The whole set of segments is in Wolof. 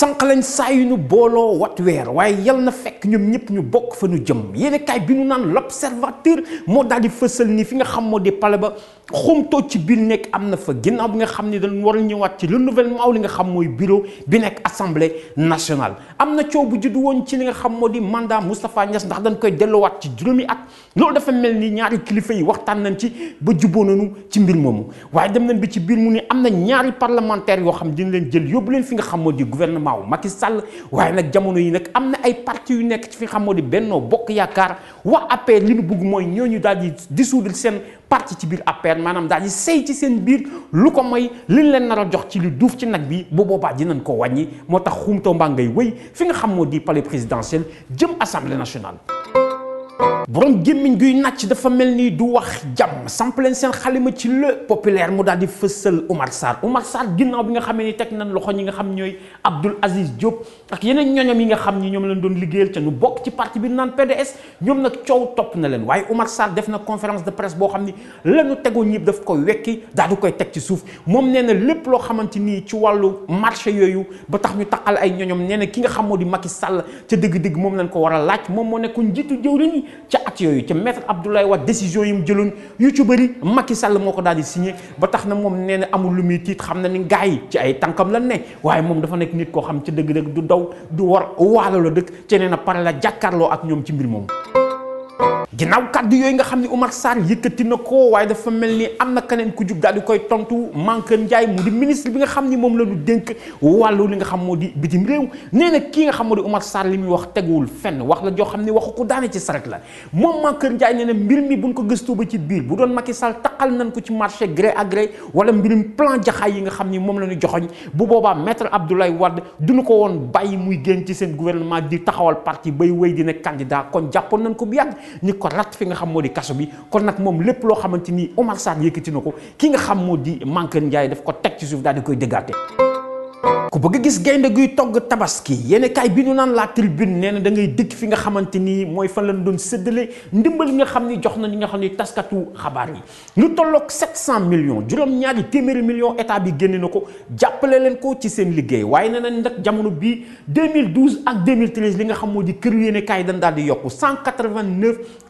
sànq lañ saa yu ñu booloo wat weer waaye yal na fekk ñoom ñëpp ñu bokk fa ñu jëm yéenekaay bi ñu naan l'observateur moo daal di fësal ni fi nga xam moo di pale ba xumtoo ci biir nekk am na fa ginnaaw bi nga xam ni dañ war a ñëwaat ci renouvellement li nga xam mooy bureau bi nekk assemblée nationale am na coow bu juddu woon ci li nga xam moo di mandat Moustapha Niass ndax dañ koy delloowaat ci juróomi at loolu dafa mel ni ñaari kilifa yi waxtaan nañ ci ba jubboo nañu ci mbir moomu waaye dem nañ bi ci mu ne am na ñaari parlementaires yoo xam dina leen jël yóbbu Macky Sall waaye nak jamono yi nak am ay parti yu nek ci fi xam Benno Bokk yakar wa appel li ñooñu dissoudre parti ci bir appel manam daal di sey ci sen bir lu ko de liñ leen jox ci lu duuf ci nak bi bu la dinañ ko wañi moo tax la palais présidentiel jëm assemblée nationale borom gémmiñ guy nàcc dafa mel ni du wax jàmm sampleen seen xalima ci le populaire mu daal di fësal Oumar Sarr Oumar Sarr ginnaaw bi nga xamee ni teg nañ loxo ñi nga xam ñooy Abdoul Aziz Diop ak yeneen ñoñom yi nga xam ni ñoom lañ doon liggéeyal ca nu bokk ci parti bi naan PDS ñoom nag coow topp na leen waaye Oumar Sarr def na conférence de presse boo xam ni lañu tegoo ñëpp daf ko wekki daa di koy teg ci suuf moom nee na lépp loo xamante nii ci wàllu marché yooyu ba tax ñu taqal ay ñoñom nee ki nga xam moo di Macky Sall ca dëgg moom lañ ko war a laaj ca at yooyu ca maître Abdoulaye Wade décision yi mu jëloon yu ci bëri Macky Sall moo ko daal di signé ba tax na moom nee na amul lu muy tiit xam na ni gars yi ci ay tànkam lan ne waaye moom dafa nekk nit koo xam ca dëgg-dëgg du daw du war waalo la dëkk ca nee na pare la jàkkaarloo ak ñoom ci mbir moom ginnaaw kàddu yooyu nga xam ne Oumar Sarr yëkkati na ko waaye dafa mel ni am na keneen ku jug daal di koy tontu Mankeur Ndiaye mu di ministre bi nga xam ni moom la ñu dénk wàllu li nga xam moo di bitim réew nee na kii nga xam moo di Oumar Sarr li muy wax teguwul fenn wax la joo xam ne waxu ko daane ci saret la moom Mankeur Ndiaye nee na mbir mi buñ ko gëstoo ba ci biir bu doon Macky Sall taqal nañ ko ci marché gré à wala mbirum plan jaxaay yi nga xam ni moom la ñu joxoñ bu boobaa maître Abdoulaye du nu ko woon bàyyi muy génn ci seen gouvernement di taxawal parti bay wéy dina candidat kon jàppoon nañ ko bu yàgg ñi ko rat fi nga xam moo di kaso bi kon nag moom lépp loo xamante ni Omar Sarr yëkkati na ko ki nga xam moo di Mankeur Ndiaye daf ko teg ci suuf daal di koy dëggaate ku bëgg a gis gaynde guy togg tabaski yéen kaay bi ñu naan la tribune nee na da dëkk fi nga xamante ni mooy fan lañ doon séddale ndimbal yi nga xam ni jox na ñi nga xam ni taskatu xabaar yi lu tolloog 700 millions juróom-ñaari téeméeri millions état bi génne na ko jàppale leen ko ci seen liggéey waaye nee nañ nag jamono bii 2012 ak 2013 li nga xam moo di kër yéen kaay dañ daal di yokku 189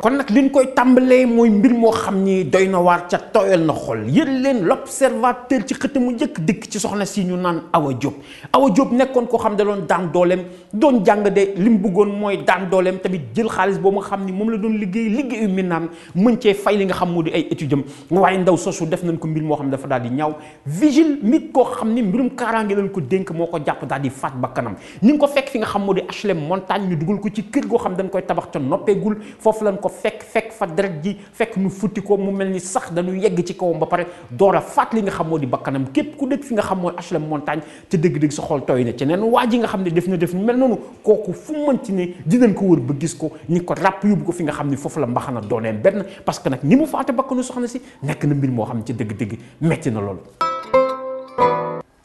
kon nag liñ koy tàmbalee mooy mbir moo xam ni doy na waar ca tooyal na xol yër leen l'observateur ci xët mu njëkk dëkk ci soxna si ñu naan Awa Diop Awa Diop nekkoon koo xam daloon doon daan dooleem doon jàng de li mu buggoon mooy daan dooleem tamit jël xaalis boo mu xam ni moom la doon liggéey liggéeyu mi naan mën cee fay li nga xam moo di ay étudiant waaye ndaw sosu def nañ ko mbir moo xam dafa daal di ñaaw vigile nit koo xam ni mbirum kaaraange lañ ko dénk moo ko jàpp daal di faat bakkanam ñu ngi ko fekk fi nga xam moo di HLM montagne ñu dugal ko ci kër goo xam dañ koy tabax ca noppeegul foofu lañ ko fekk fekk fa deret ji fekk nu futti ko mu mel ni sax dañu yegg ci kawam ba pare door a faat li nga xam moo di bakkanam képp ku dëkk fi nga xam mooy HLM montagne ca dëgg-dëgg sa xol tooy na ci neen waa ji nga xam ne def na def nu mel noonu kooku fu mën ci ne dinañ ko wër ba gis ko ñi ko ràpp yóbbu ko fi nga xam ne foofu la mbaxana doonee benn parce que nag ni mu faate bakkanu soxna si nekk na mbir moo xam ne ca dëgg-dëgg metti na loolu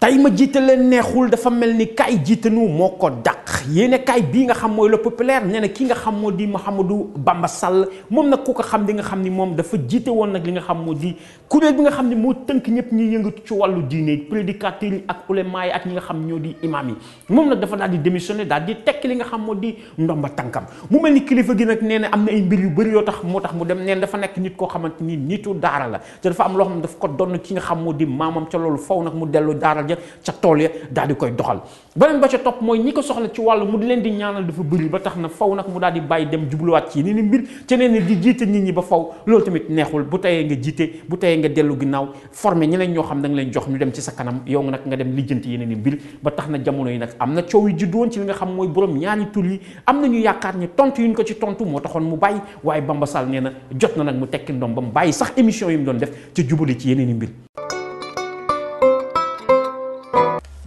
tey ma jiite leen neexul dafa mel ni kaay jiitanu moo ko dàq yéene kaay bii nga xam mooy le populaire nee ki nga xam moo di Mouhamadou Bamba Sall moom nag ku ko xam di nga xam ni moom dafa jiite woon nag li nga xam moo di kuréel bi nga xam ni moo tënk ñëpp ñuy ci wàllu diine prédicateur yi ak ulema yi ak ñi nga xam ñoo di imam moom nag dafa daal di démissionné daal tekki li nga xam moo di ndomba tànkam mu mel ni kilifa gi nag nee na am na ay mbir yu bëri yoo tax moo tax mu dem neen dafa nekk nit koo xamante ni nitu daara la te dafa am loo ko donn ki nga xam moo di maamam ca loolu faw nag mu dellu daara ja ca tool ya daal di koy doxal beneen ba ca topp mooy ñi ko soxla ci wàllu mu di leen di ñaanal dafa bëri ba tax na faw nag mu daal di bàyyi dem jubluwaat ci ni ni mbir ca di jiite nit ñi ba faw loolu tamit neexul bu tayee nga jiite bu tayee nga dellu ginnaaw formé ñeneen ñoo xam da nga leen jox ñu dem ci sa kanam yow nag nga dem lijjanti yeneen i mbir ba tax na jamono yi nag am na coow yi ci li nga xam mooy borom ñaari tur yi am nañu yaakaar ne tontu yuñ ko ci tontu moo taxoon mu bàyyi waaye Bamba Sall nee na jot na mu tekki ndoom ba mu bàyyi sax émission yi mu doon def ci jubali ci yeneen i mbir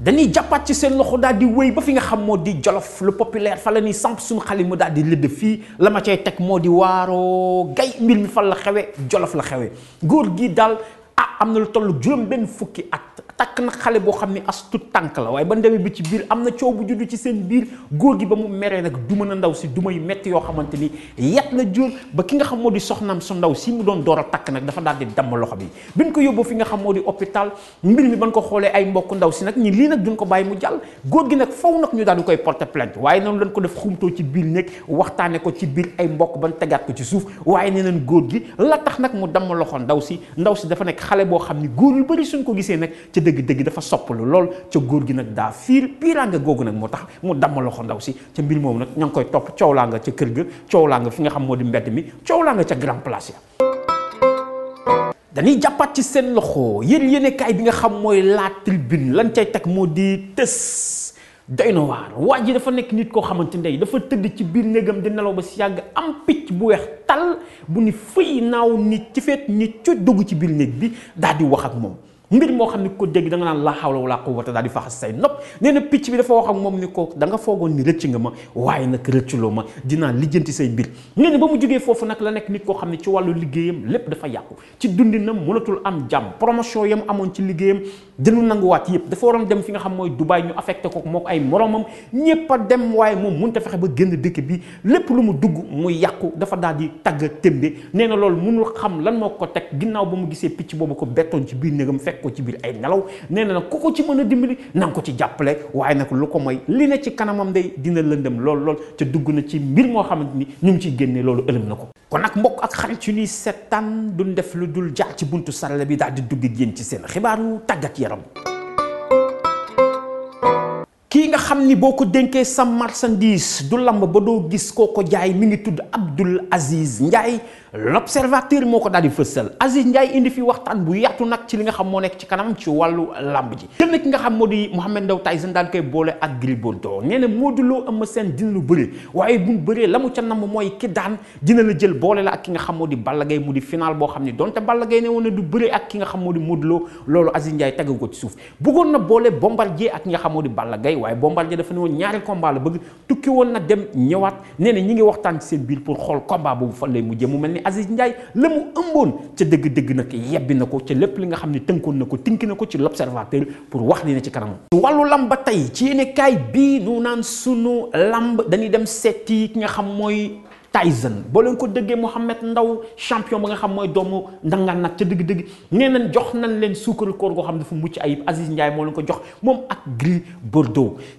dañuy jàppaat ci seen loxo daal di wéy ba fi nga xam moo di jolof le populaire fa la ñuy samp suñu xale mu daal di lëdd fii la ma cay teg moo di waaroo gay mbir mi fan la xewe jolof la xewe góor gi daal ah am na lu toll juróom benn fukki at takk nag xale boo xam ne as tut tànk la waaye ba ndeme bi ci biir am na coow bu juddu ci seen biir góor gi ba mu meree nag duma a ndaw si duma yu metti yoo xamante ni yat na jóor ba ki nga xam moo di soxnaam su ndaw si mu doon door takk nag dafa daal di damm loxo bi ko yóbbu fi nga xam moo di hôpital mbir mi ban ko xoolee ay mbokk ndaw si nag ñi lii nag duñ ko bàyyi mu jàll góor gi nag faw nag ñu daal di koy porter waaye noonu lañ ko def xumtoo ci biir nekk waxtaane ko ci biir ay mbokk ban tegaat ko ci suuf waaye nee nañ góor gi la tax nag mu damm loxo ndaw si ndaw si dafa nekk xale boo xam ni góor yu bari suñ ko gisee nag dëgg-dëgg dafa soppalu lool ca góor gi nag daa fiir piiraange googu nag moo tax mu damm loxo ndaw si ca mbir moomu nag ña ngi koy topp coow laa nga ca kër ga coow laa nga fi nga xam moo di mbedd mi coow laa nga ca grand place ci seen loxo yéen yéenekaay bi nga xam mooy la tribune lan cay teg moo di tës doy na waar waa ji dafa nekk nit koo xamante ndey dafa tëdd ci biir néegam di nelaw ba si yàgg am picc bu weex tal bu ni fëy naaw nit ci feet nit ci dugg ci biir néeg bi daal di wax ak moom mbir moo xam ne ko dégg da nga naan laa xawla wala quwwata daal di faxas say nopp nee na picc bi dafa wax ak moom ni ko da nga foogoon ni rëcc nga ma waaye nag rëcculoo ma dinaa lijjanti say mbir nee na ba mu jógee foofu nag la nekk nit koo xam ne ci wàllu liggéeyam lépp dafa yàqu ci dundinam mënatul am jàmm promotion yam amoon ci liggéeyam dañu nanguwaat yëpp dafa waroon dem fi nga xam mooy Dubaay ñu affecté ko moo ko ay moromam ñëpp dem waaye moom mun a fexe ba génn dëkk bi lépp lu mu dugg mu yàqu dafa daal di tagg témbe nee na loolu mënul xam lan moo ko teg ginnaaw ba mu gisee picc boobu ko bettoon ci biir néegam fekk ko ci biir ay nelaw nee na nag ku ko ci mën a dimbali na ko ci jàppale waaye nag lu ko moy li ne ci kanamam day dina lëndëm lool lool te dugg na ci mbir moo xamante ni ñu ngi ciy génne loolu ëlëm na ko kon nag mbokk ak xarit yu ñuy seetaan du def lu dul jaar ci buntu sarale bi daal di dugg yéen ci seen xibaaru tàggat yaram kii nga xam ni boo ko dénkee sa marchandise du lamb ba doo gis koo ko jaay mi ngi tudd Abdoul Aziz Ndiaye l'observateur moo ko daal di fësal Aziz indi fi waxtaan bu yaatu nag ci li nga xam moo nekk ci kanam ci wàllu làmb ji kenn ki nga xam moo di Mohamed Ndao Tyson daan koy boole ak Gris Bordeaux nee na Modou Lo Eumeu Sène dina lu bëri waaye buñ bëree la mu ca namm mooy ki daan dina la jël boole la ak ki nga xam moo di Balla Gaye mu di final boo xam ne donte Balla Gaye ne woon na du bëri ak ki nga xam moo di Modou Lo loolu Aziz Ndiaye ko ci suuf bëggoon boole Bombardier ak ki nga xam moo di Balla Gaye waaye Bombardier dafa ngi waxtaan ci seen biir pour xool combat boobu fan lay Aziz Ndiaye la mu ëmboon ca dëgg-dëgg nag yebbi na ko ca lépp li nga xam ne tënkoon na ko tinki na ko ci l'observateur pour wax li na ci kanamam wàllu lamb ba tey ci yéene kaay bii nu naan sunu làmb dañuy dem seeti ki nga xam mooy Tyson boo leen ko dëggee Mohamed Ndaw champion ba nga xam mooy doomu ndangaan nag ca dëgg-dëgg nee nañ jox nañ leen suukaru koor goo xam dafa mucc ayib Aziz Ndiaye ko jox moom ak Gris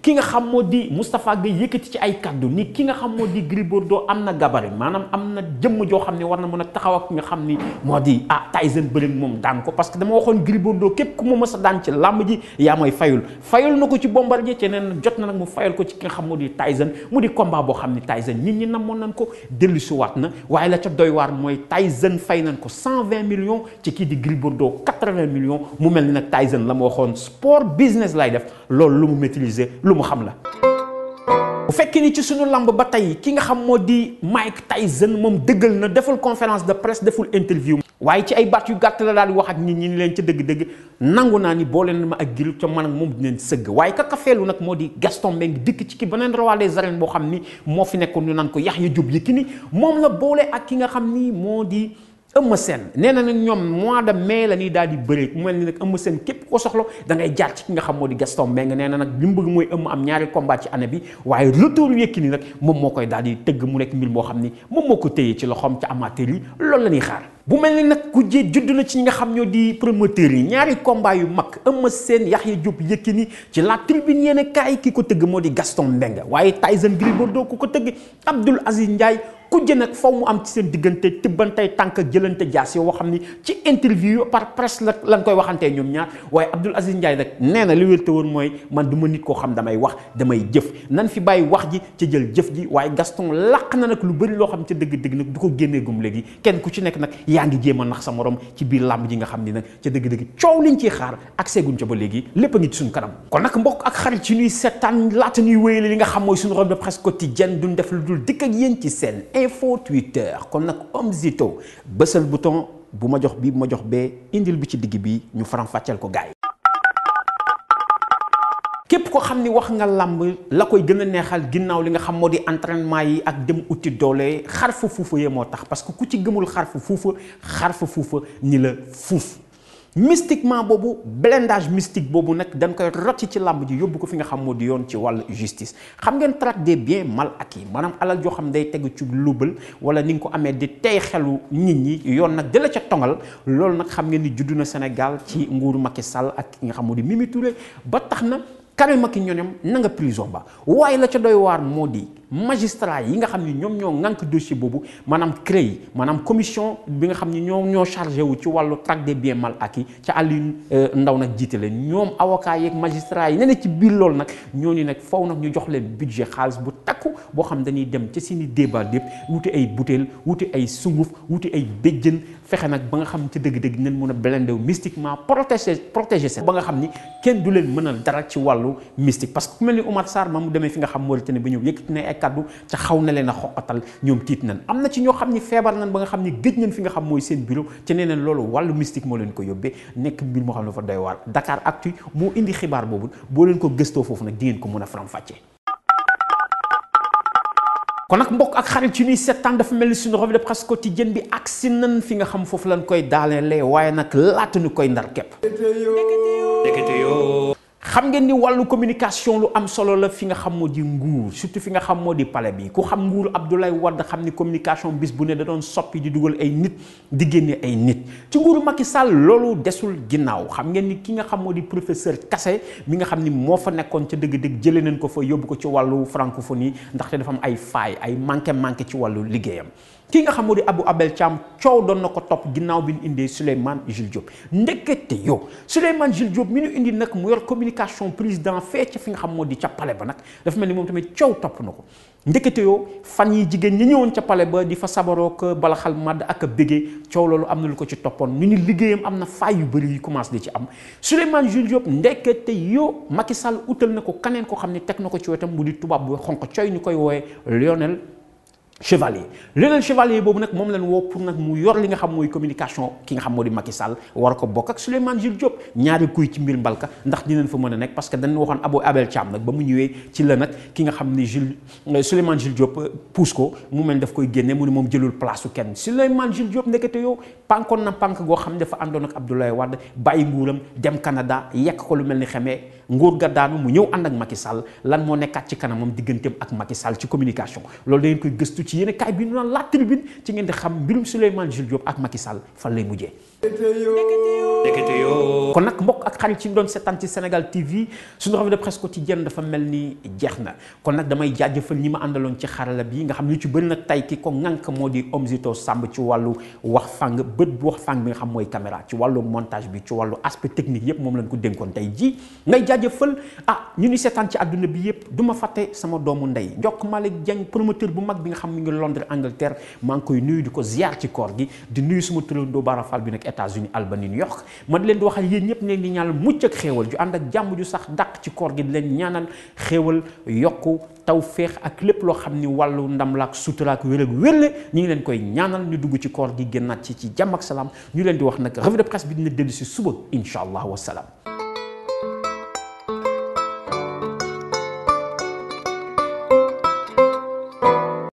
ki nga xam moo di Moustapha Gueye yëkkati ci ay kaddu ni ki nga xam moo di Gris Bordeaux na gabari maanaam am na jëmm joo xam ne war na mën a taxaw ak xam ni moo di ah Tyson bërin moom daan ko parce dama waxoon Gris Bordeaux képp ku ma mës a daan ci làmb ji yaa mooy fayul fayul na ko ci Bombardier ci neen jot na nag mu fayal ko ci ki nga xam moo di Tyson mu di combat boo xam ne Tyson nit ñi namoon nañ ko dellu si waat na waaye la ca doy war moy Tyson fay nañ ko 120 millions ci ki di Gris 80 millions mu mel ni Tyson la ma sport business lay def lolou lu mu maîtriser lu mu xam la bu fekkee ni ci suñu lamb ba tey ki nga xam moo di Mike Tyson moom dëggal na deful conférence de presse deful interview. waaye ci ay baat yu gàtt la daal wax ak nit ñi ni leen ca dëgg-dëgg nangu naa ni boo leen ma ak Gris ca man ak moom leen sëgg waaye kaka feelu nag moo di Gaston Mbengue dikk ci ki beneen roi des arènes boo xam ni moo fi nekkoon ñu naan ko yax Yaxya Jóob Yékini moom la boole ak ki nga xam ni moo di. Eumeu seen nee na nag ñoom mois de mai la ñuy daal di bëree mu mel ni nag Eumeu Sène képp koo soxla da ngay jaar ci ki nga xam moo di Gaston Mbengue nee na nag li mu bëgg mooy Eumeu am ñaari combat ci waaye retour Yékini moom moo koy daal di tëgg mu nekk mbir moo xam ni moom moo ko téye ci loxoom ca amateur yi loolu la bu mel ni nag ku jee judd na ci ñi nga xam ñoo di promoteur yi ñaari combat yu mag Eumeu Sène Yaxya Diop Yékini ci la tribune yéen a kaay ko tëgg moo di Gaston Mbengue waaye Tyson Gris Bordeaux ku ko tëgg Abdoul Aziz Ndiaye kujje nag faw mu am ci seen diggante tibbantey tànk ak jëlante jaas yoo xam ni ci interview par presse la lañ koy waxantee ñoom ñaar waaye Abdoul Aziz Ndiaye rek nee na li wér te woon mooy man du ma nit koo xam damay wax damay jëf nan fi bàyyi wax ji ci jël jëf ji waaye Gaston làq na nag lu bari loo xam ci dëgg-dëgg nag du ko génnee gum léegi kenn ku ci nekk nag yaa ngi jéem nax sa morom ci biir làmb ji nga xam ni nag ca dëgg-dëgg coow liñ ciy xaar ak seeguñ ca ba léegi lépp a ngi suñ kanam kon nag mbokk ak xarit ci ñuy seetaan laata ñuy wéyale li nga xam mooy suñu robe de seen info Twitter comme nag Omzito bësal bouton buma jox bi buma jox be indil bi ci dig bi ñu faram-fàcceel ko gaay kep ko xamni wax nga lamb la koy gëna neexal ginnaw li nga xam modi entraînement yi ak dem outil dolé xarfu fufu ye moo tax parce que ku ci gëmul xarfu fufu xarfu fufu ni la fufu mystiquement bobu blendage mystique bobu nak dañ koy rocci ci lamb ji yóbbu ko fi nga xam modi yon ci wal justice xam ngeen traque des biens mal acquis manam alal jo xam day tegg ci lubal wala ni nga ko amee di tay xelu nit ñi yon nak de la ci tongal loolu nak xam ngeen ni juddu na Sénégal ci nguuru Macky Sall ak nga xam modi di Mimi Touré ba tax na Karim Macky ñonem na nga prison ba way la ci doy war modi magistrat yi nga xam ni ñoom ñoo ŋànk dossier boobu maanaam CREI maanaam commission bi nga xam ni ñoo ñoo chargé wu ci wàllu traque des biens ak acquis ca Alioune euh, ndaw nag jiite leen ñoom avocat yeeg magistrat yi ne na ci biir loolu nag ñooñu nag faw nag ñu jox leen budget xaalis bu takku boo xam dañuy dem ci seeni débat dépp wuti ay butéel wuti ay sunguf wuti ay béjjën fexe nag ba nga xam ci dëgg-dëgg nañ a belendew mystiquement protéger protéger seen ba nga xam ni kenn du leen mënal dara ci wàllu mystique parce que ku mel ni Oumar kaddu ca xaw na leen a xoqatal ñoom tiit boo leen ko gëstoo foofu nag di a kon nag mbokk ak xarit ci ñuy seetaan dafa mel ni suñu revue de presse quotidienne bi agsi nan fi nga xam foofu lañ koy daalee waaye nag laata ñu koy ndar képp. xam ngeen ni wàllu communication lu am solo la fi nga xam moo di nguur surtout fi nga xam moo di palais bi ku xam nguuru Abdoulaye Wade xam ni communication bis bu ne da doon soppi di dugal ay nit di génne ay nit ci nguuru Macky Sall loolu desul ginnaaw xam ngeen ni ki nga xam moo di professeur Kassé mi nga xam ni moo fa nekkoon ca dëgg-dëgg jëlee nañ ko fa yóbbu ko ci wàllu francophonie ndaxte dafa am ay faay ay manqué manqué ci wàllu liggéeyam fii nga xam moo di Abou Abel Thiam coow doon na ko topp ginnaaw bi ñu indee Souleymane Jules Diop ndekete yow Souleymane Jules Diop mi ñu indi nag mu yor communication président fee fi nga xam moo di ca palais ba nag dafa mel ni moom tamit coow topp na ko ndekete yow fan yi jigéen ñi ñëwoon ca palais ba di fa sabaroo ko balaxal màdd ak a coow loolu am na lu ko ci toppoon ñu ni liggéeyam am na faay yu bëri yu commencé di ci am Souleymane Jules Diop ndekete yow Macky Sall utal na ko kaneen ko xam ne teg na ko ci wetam mu di tubaab bu xonq cooy ñu koy woowee Lionel chevalier leneen chevalier boobu nag moom leen woo pour nag mu yor li nga xam mooy communication ki nga xam moo di Macky Sall war ko bokk ak Souleymane Jules Diop ñaari kuy ci mbir mbalka ndax dinañ fa mën a nekk xam ni Jules euh, Souleymane Jules Diop euh, pousse ko koy génne mu moom jëlul place su kenn Souleymane Jules Diop ndekete yow pankoon na pank goo xam ne dafa àndoon ak Abdoulaye Wade bàyyi nguuram ko lu mel ni xamee nguur ga daanu mu ñëw ànd ak Macky Sall lan moo nekkaat ci kanamam digganteem ak Macky Sall ci communication loolu da koy gëstu gëstu ci yéenekaay bi ñu naan La Tribune ci ngeen xam mbirum Souleymane Jules Diop ak Macky Sall fan lay mujjee. kon nag mbokk ak xarit ci doon seetaan ci Sénégal TV suñu revue de presse quotidienne dafa mel ni jeex na kon nag damay jaajëfal ñi ma àndaloon ci xarala bi nga xam ñu ci bëri nag tay ki ko ŋànk moo di Omzito Samb ci wàllu wax fàng bët bu wax fàng bi nga xam mooy caméra ci wàllu montage bi ci wàllu aspect technique yépp moom lañ ko dénkoon tey jii ngay jaajëfal ah ñu ni seetaan ci àdduna bi yépp du ma fàtte sama doomu ndey Ndiok Malick Dieng promoteur bu mag bi nga xam mu ngi Londres Angleterre maa ngi koy nuyu di ko ziar ci koor gi di nuyu suma turandoo Bara Fall bi nag États-Unis Albany New York ma yéen ñëpp ne di ñaanal mucc ak xéewal ju ànd ak jàmm ju sax dàq ci koor gi di leen ñaanal xéewal yokku taw féex ak lépp loo xam ni wàllu ndam la ak sutura ak wér ak ñu ngi leen koy ñaanal ñu dugg ci koor gi génnaat ci ci jàmm ak salaam ñu leen di wax nag revue de presse bi dina dellu si suba incha allah wasalaam